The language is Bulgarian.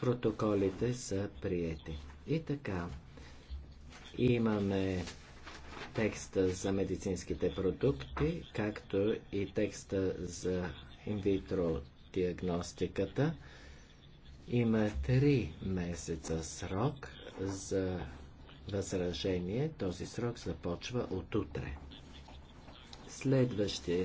протоколите са приети. И така, имаме текста за медицинските продукти, както и текста за инвитро диагностиката. Има три месеца срок за възражение. Този срок започва от утре. Следващия